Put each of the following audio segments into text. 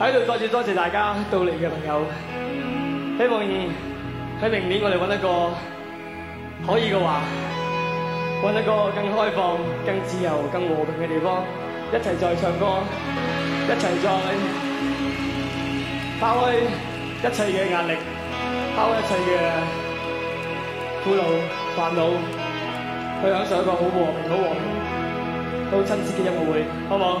喺度再次多謝大家到嚟嘅朋友，希望喺明年我哋揾一個可以嘅話，揾一個更開放、更自由、更和平嘅地方，一齊再唱歌，一齊再拋開一切嘅壓力、拋開一切嘅苦惱煩惱，去享受一個好和平、好和平、好親切嘅音樂會，好冇？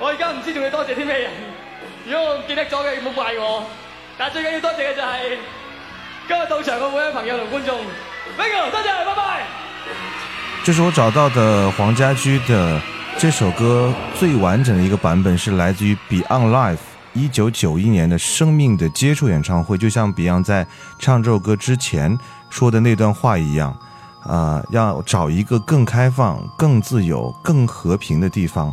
我而家唔知仲要多謝啲咩人，如果我唔記得咗嘅，唔好怪我。但最緊要多謝嘅就係今日到場嘅每一位朋友同觀眾，thank you，多謝，拜拜。這是我找到嘅黃家駒嘅，這首歌最完整嘅一個版本，是來自於 Beyond Live 一九九一年嘅《生命的接觸》演唱會。就像 Beyond 在唱這首歌之前說的那段話一樣，啊、呃，要找一個更開放、更自由、更和平的地方。